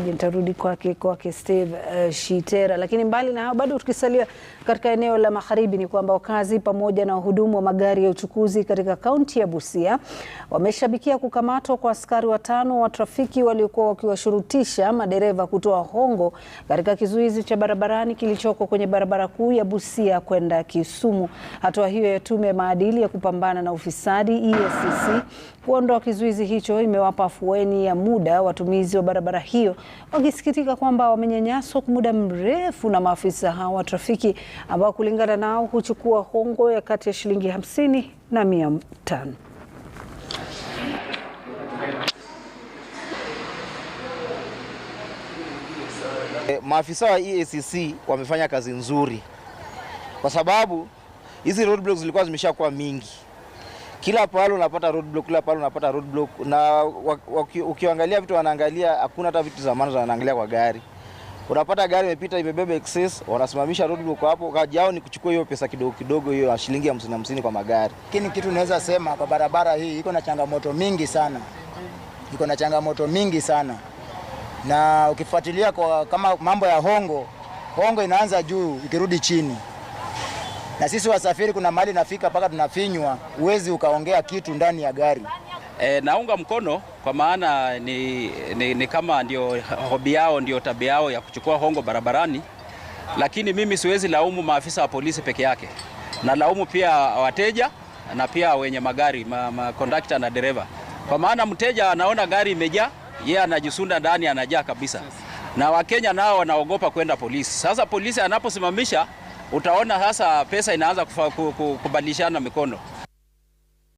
Nitarudi kwake kwake Steve uh, Shitera. Lakini mbali na hao, bado tukisalia katika eneo la magharibi, ni kwamba wakazi pamoja na wahudumu wa magari ya uchukuzi katika kaunti ya Busia wameshabikia kukamatwa kwa askari watano wa trafiki waliokuwa wakiwashurutisha madereva kutoa hongo katika kizuizi cha barabarani kilichoko kwenye barabara kuu ya Busia kwenda Kisumu. Hatua hiyo ya tume ya maadili ya kupambana na ufisadi EACC kuondoa kizuizi hicho imewapa afueni ya muda watumizi wa barabara hiyo, wakisikitika kwamba wamenyanyaswa kwa muda mrefu na maafisa hao wa trafiki ambao kulingana nao huchukua hongo ya kati ya shilingi 50 na 500. E, maafisa wa EACC wamefanya kazi nzuri kwa sababu hizi roadblocks zilikuwa zimeshakuwa mingi kila pale unapata block, kila pale unapata block. na ukiangalia vitu wanaangalia, hakuna hata vitu za maana wanaangalia kwa gari. Unapata gari imepita imebeba excess, wanasimamisha block hapo. Kazi yao ni kuchukua hiyo pesa kidogo kidogo, hiyo shilingi hamsini hamsini kwa magari. Lakini kitu naweza sema kwa barabara hii iko na changamoto mingi sana, iko na changamoto mingi sana na ukifuatilia kwa kama mambo ya hongo hongo inaanza juu ikirudi chini na sisi wasafiri, kuna mali nafika mpaka tunafinywa, huwezi ukaongea kitu ndani ya gari. E, naunga mkono kwa maana ni, ni, ni kama ndio hobi yao, ndio tabia yao ya kuchukua hongo barabarani, lakini mimi siwezi laumu maafisa wa polisi peke yake, na laumu pia wateja na pia wenye magari makondakta ma, na dereva, kwa maana mteja anaona gari imejaa, yeye yeah, anajisunda ndani, anajaa kabisa, na Wakenya nao wanaogopa kwenda polisi. Sasa polisi anaposimamisha utaona sasa pesa inaanza kubadilishana mikono.